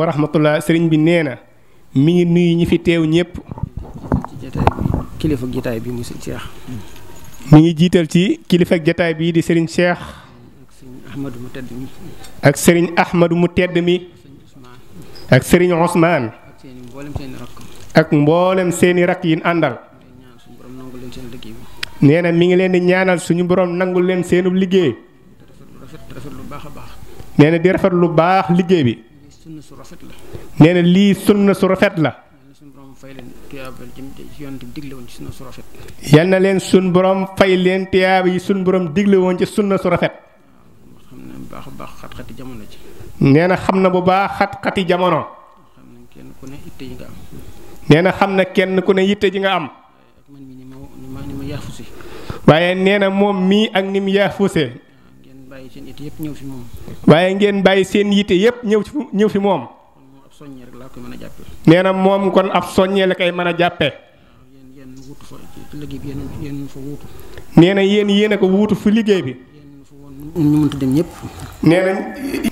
wa rahmatullah sëriñ bi nee na mi ngi nuyu ñi fi teew ñëpp. ci bi kilifa mu ngi jiital ci kilifa jotaay bii di sëriñ seex ak sëriñ Ahmadu mu tedd mi. ak sëriñ Ahmadu mu tedd mi. ak sëriñ Ousmane. ak mboolem seeni rak yin àndal. nee na mi ngi leen di ñaanal suñu borom nangu leen seenub liggéey. nee di rafet lu baax liggéey bi. sunna su rafet la. nee na lii sunna su rafet la. yal na leen sun borom fay leen tiyaaba yi sun borom digle woon ci sunna su rafet. nee na xam na bu baax xat-xati jamono. nee na xam na kenn ku ne yitte ji nga am. waaye nee na moom mii ak ni mu yaafuse bàyyi seen yitte yëpp ñëw fi moom. waaye ngeen bàyyi seen yitte yëpp ñëw fi ñëw fi moom. nee na moom kon ab soññee la koy mën a jàppee. nee na yéen yéen a ko wuutu fi liggéey bi. nee na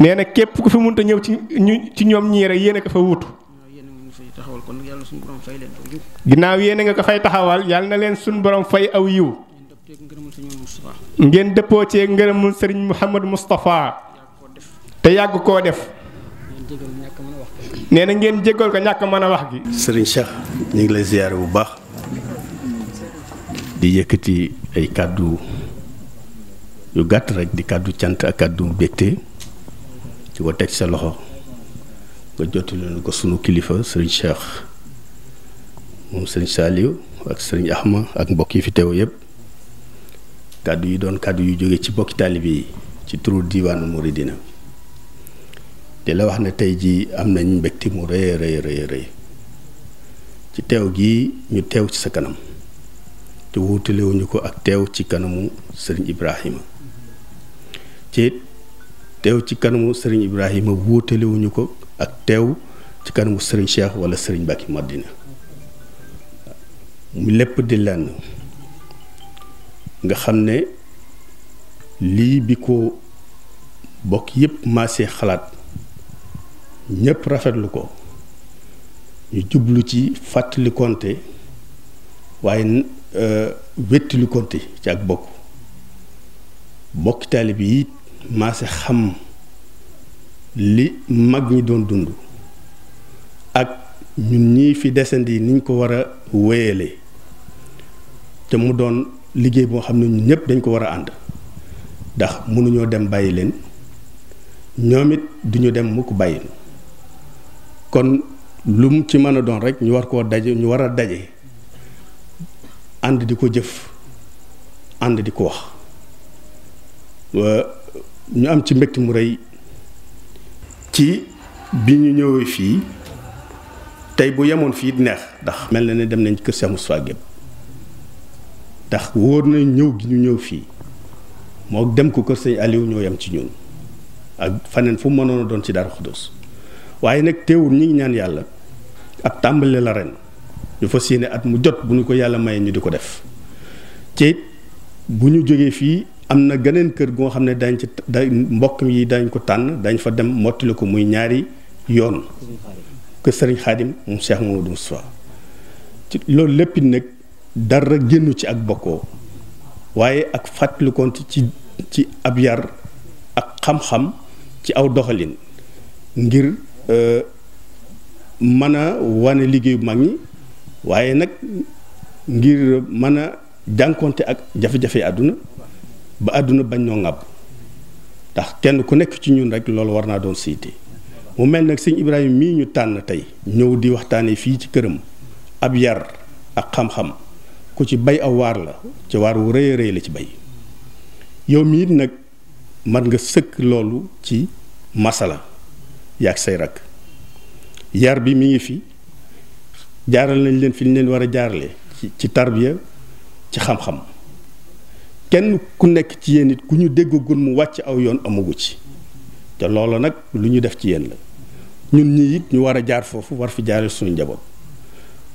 nee na képp ku fi mënta ñëw ci ñu ci ñoom ñii rek yéen ko fa wuutu. ginnaaw yéen a nga ko fay taxawal yàlla na leen suñu borom fay aw yiw. ngeen dëppoo cee ngërëmul sëriñ Mouhamadou Moustapha te yàgg koo def. nee na ngeen jégal ko ñàkk mën a wax gi. sëriñ Cheikh ñu ngi lay ziyaare bu baax di yëkkati ay kàddu yu gàtt rek di kàddu cant ak kàddu mbégte ci ko teg sa loxo nga jotti leen ko sunu kilifa sëriñ Cheikh moom sëriñ Saliou ak sëriñ Ahma ak mbokk yi fi teew yëpp. kàddu yi doon kàddu yu jóge ci bokki taalibe yi ci turu diwaanu diiwaanu Muridina di la wax ne tey jii am nañ mbégte mu rëy rëy rëy ci teew gi ñu teew ci sa kanam te wuutalewuñu ko ak teew ci kanamu sëriñ Ibrahima ci teew ci kanamu sëriñ Ibrahima wuutalewuñu ko ak teew ci kanamu sëriñ Cheikh wala sëriñ Bàkki Madina mu lépp di nga xam ne lii bi ko bokk yépp maasee xalaat ñépp rafetlu ko ñu jublu ci fàttali konte waaye euh, wettili konte ci ak bokk bokki taalib yi maase xam li mag ñi doon dund ak ñun ñi fi desandi niñ ko war a wéyale te mu doon liggéey boo xam ne ñun ñëpp dañ ko war a ànd ndax mënuñoo dem bàyyi leen ñoom it duñu dem mukk bàyyi kon lu mu ci mën a doon rek ñu war koo daje ñu war a daje ànd di ko jëf ànd di ko wax ñu am ci mbégte mu rëy ci bi ñu ñëwee fii tey bu yemoon fii neex ndax mel na ne dem nañ kër Cheikh Moustapha gépp ndax wóor na ñëw gi ñu ñëw fii moo dem ko kër sëñ Aliou ñoo yem ci ñun ak faneen fu mënoon a doon ci Darou Khoudoss waaye nag teewul ñi ngi ñaan yàlla ab tàmbali la ren ñu fas yéene at mu jot bu ñu ko yàlla mayee ñu di ko def ci bu ñu jógee fii am na geneen kër goo xam ne dañ ci da mbokk yi dañ ko tànn dañ fa dem mottali ko muy ñaari yoon kër sëriñ Xaadim mu Cheikh Mamadou Moustapha ci loolu lépp nag dara génnu ci ak bokkoo waaye ak fàttalikoon ci ci ab yar ak xam-xam ci aw doxalin ngir euh, mën a wane liggéeyu mag ñi waaye nag ngir mën a jànkonte ak jafe-jafe àdduna ba àdduna bañ noo ŋàbb ndax kenn ku nekk ci ñun rek loolu war naa doon siite mu mel nag sëñ Ibrahima mii ñu tànn tey ñëw di waxtaanee fii ci këram ab yar ak xam-xam ku ci bay aw waar la ci waar wu rëy a la ci bay yow mi it nag mat nga sëkk loolu ci masala yaag say rakk yar bi mi ngi fi jaaral nañ leen fi ñu leen war a jaarale ci ci tarbiya ci xam-xam kenn ku nekk ci yéen it ku ñu déggagul mu wàcc aw yoon amagu ci te loolu nag lu ñu def ci yéen la ñun ñi it ñu war a jaar foofu war fi jaarale suñu njaboot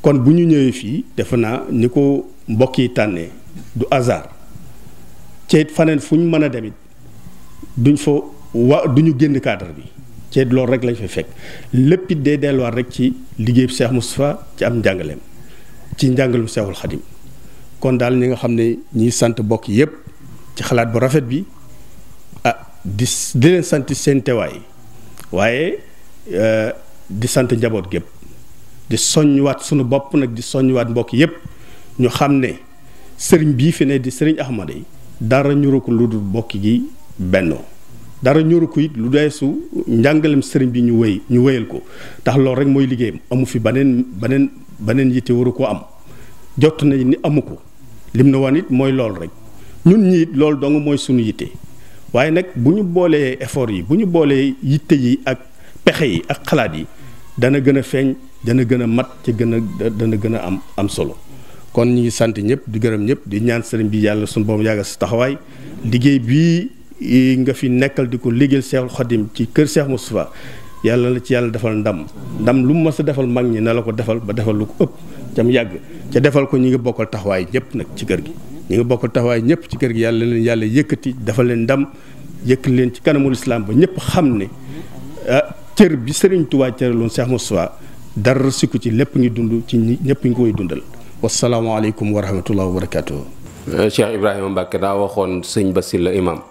kon bu ñu ñëwee fii defe naa ni ko mbokk yi tànnee du hasard ceet faneen fu ñu mën a demit duñ fa wa duñu génn cadre bi ceet loolu rek lañ fa fekk lépp it delluwaat rek ci liggéey bu Cheikh Moustapha ci am njàngaleem ci njàngalum Cheikhul Khadim kon daal ñi nga xam ne ñuy sant mbokk yépp ci xalaat bu rafet bi ah di di leen sant seen teewaay waaye euh, di sant njaboot gépp di soññwaat sunu bopp nag di soññwaat mbokk yépp ñu xam ne sëriñ bii fi ne di sëriñ Ahmada yi dara ñuru ko lu dul bokk gi bennoo dara ñuru ko it lu deesu njàngalem sëriñ bi ñu wéy ñu wéyal ko tax loolu rek mooy liggéeyam amu fi baneen baneen baneen yitte waru ko am jot na ni amu ko lim na woon mooy loolu rek ñun ñi loolu dong mooy suñu yitte waaye nag bu ñu boolee efoor yi bu ñu boolee yitte yi ak pexe yi ak xalaat yi dana gën a feeñ dana gën a mat ci gën a dana gën a am am solo kon ñu ngi sant ñëpp di gërëm ñëpp di ñaan sëriñ bi yàlla suñu boobu yàggal su taxawaay liggéey bii nga fi nekkal di ko liggéeyal Seexul Xadim ci kër Seex Moustapha yàlla la ci yàlla defal ndam ndam lu mu mës a mag ñi na la ko defal ba defal lu ko ëpp cam yàgg ca defal ko ñi ngi bokkal taxawaay ñëpp nag ci kër gi ñi ngi taxawaay ñëpp ci kër gi yàlla leen yàlla yëkkati defal leen ndam yëkkati leen ci kanamu lislaam ba ñëpp xam ne ah, cër bi Sëriñ Tuubaa cëraloon Seex Moustapha dara sikku ci lépp ngi dund ci ñëpp ngi koy dundal wasalaamaaleykum wa rahmatulah wa barakaatu. Eh, Cheikh Ibrahima Mbacke daa waxoon sëñ Basile la imam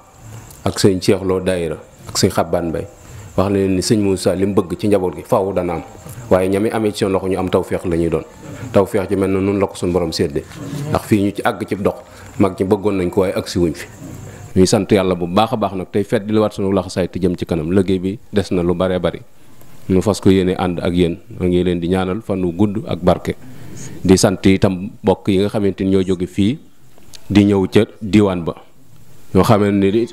ak sëñ Cheikh Lo Daïra ak sëñ Xabbaan Mbay wax na leen ni sëñ Moussa li mu bëgg ci njaboot gi faaw dana am waaye ñami amee ci seen loxo ñu am tawféex la ñuy doon tawféex ji mel na nun la ko suñu borom seddee ndax fii ñu ci àgg ci dox mag ñi bëggoon nañ ko waaye agsi wuñ fi. ñuy sant yàlla bu baax a baax nag tey fet di la waat sunu laxasaay te jëm ci kanam liggéey bi des na lu bare bari ñu fas ko yéene ànd ak yéen ngi leen di ñaanal fan wu gudd ak barke di sant itam mbokk yi nga xamante ni ñoo jóge fii di ñëw ca diwaan ba yoo xamante ni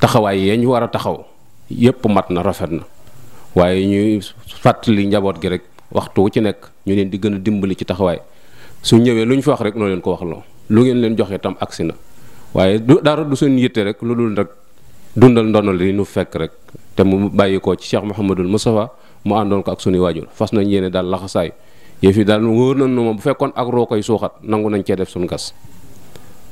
taxawaay yee ñu war a taxaw yépp mat na rafet na waaye ñuy fàttali njaboot gi rek waxtu wu ci nekk ñu leen di gën a dimbali ci taxawaay su ñëwee lu ñu fa wax rek noo leen ko wax loo lu ngeen leen joxe tam agsi na waaye du dara du seen yitte rek lu dul rek dundal ndono li nu fekk rek te mu bàyyi ko ci Cheikh Mouhamadul Moustapha mu àndoon ko ak suñu waajur fas nañ yéene daal laxasaay yëf yi daal wóor na nu moom bu fekkoon ak roo koy suuxat nangu nañ cee def suñu gas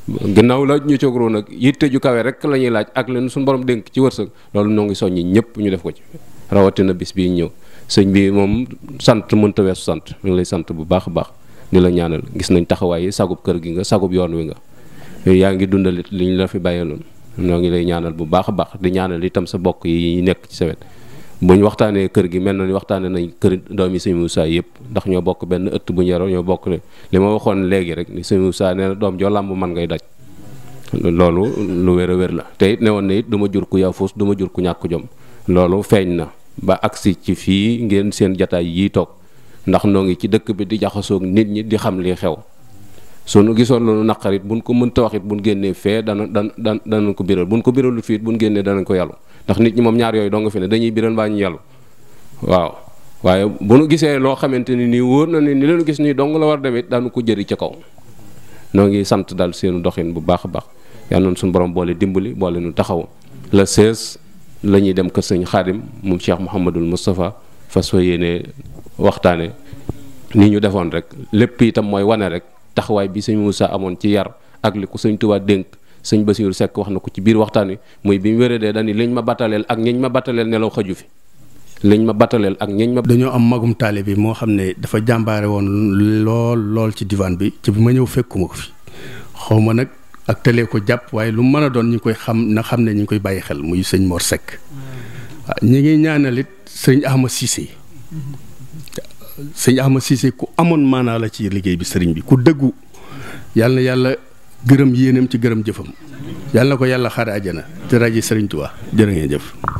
gannaaw la ñu cogroo nag yitte ju kawe rek la ñuy laaj ak leen suñu borom dénk ci wërsëg loolu noo ngi soññi ñëpp ñu def ci rawatina bis bii ñëw sëñ bi moom sant mënta weesu sant ñu ngi lay sant bu baax a baax di la ñaanal gis nañ taxawaay yi sagub kër gi nga sagub yoon wi nga yaa ngi dundalit li ñu la fi bàyyeeloon noo ngi lay ñaanal bu baax a baax di ñaanal itam sa bokk yi nekk ci sa wet buñ waxtaanee kër gi mel na ni waxtaane nañ kërit doom doomi sëñ Moussa yëpp ndax ñoo bokk benn ëtt bu ñu yaroo ñoo bokk ne li ma waxoon léegi rek ni sëñ Moussa nee doom joo làmb man ngay daj loolu lu wér wér la te it ne woon ne it du jur ku yaafus du ma jur ku ñàkk jom loolu feeñ na ba agsi ci fii ngeen seen jataay yii toog ndax noo ngi ci dëkk bi di jaxasoog nit ñi di xam li xew nu gisoon loolu naqarit buñ ko mënta waxit buñ génnee fee dana dan dan ko biral buñ ko biralu fiit buñ génnee danañ ko yàllu ndax nit ñi moom ñaar yooyu doo nga fi ne dañuy biral mbaa ñu yàllu waaw waaye bu nu gisee loo xamante ni nii wóor na ni ni leenu gis nii dong la war demit daanu ko jëri ci kaw noo ngi sant daal seenu doxin bu baax a baax yal na suñu borom boole dimbali boole nu taxaw la 16 la ñuy dem kër sëñ xaadim moom Cheikh Mouhamadul Moustapha fas fa yéene waxtaane ni ñu defoon rek lépp itam mooy wane rek taxawaay bi sëñ Moussa amoon ci yar ak li ko sëñ Tuubaa dénk sëñ Basiiru Seck wax na ko ci biir waxtaan wi muy bi mu wéradee dani liñ ma battaleel ak ñiñ ma battaleel nelaw xaju fi liñ ma battaleel ak ñiñ ma. dañoo am magum taale bi moo xam ne dafa jàmbaare woon lool lool ci diwaan bi ci bi ma ñëw fekkuma ko fi xaw ma nag ak tëlee ko jàpp waaye lu mën a doon ñu koy xam na xam ne ñu ngi koy bàyyi xel muy sëñ Mor Seck ah, ñi ngi ñaanalit sëñ Ahma Cissé sëñ Ahma Cissé ku amoon maanaa la ci liggéey bi sëriñ bi ku dëggu yàlla na yàlla gërëm yéenam ci gërëm jëfam yàlla ko yàlla xaare àjjana te rajo Serigne Touba jërë ngeen jëf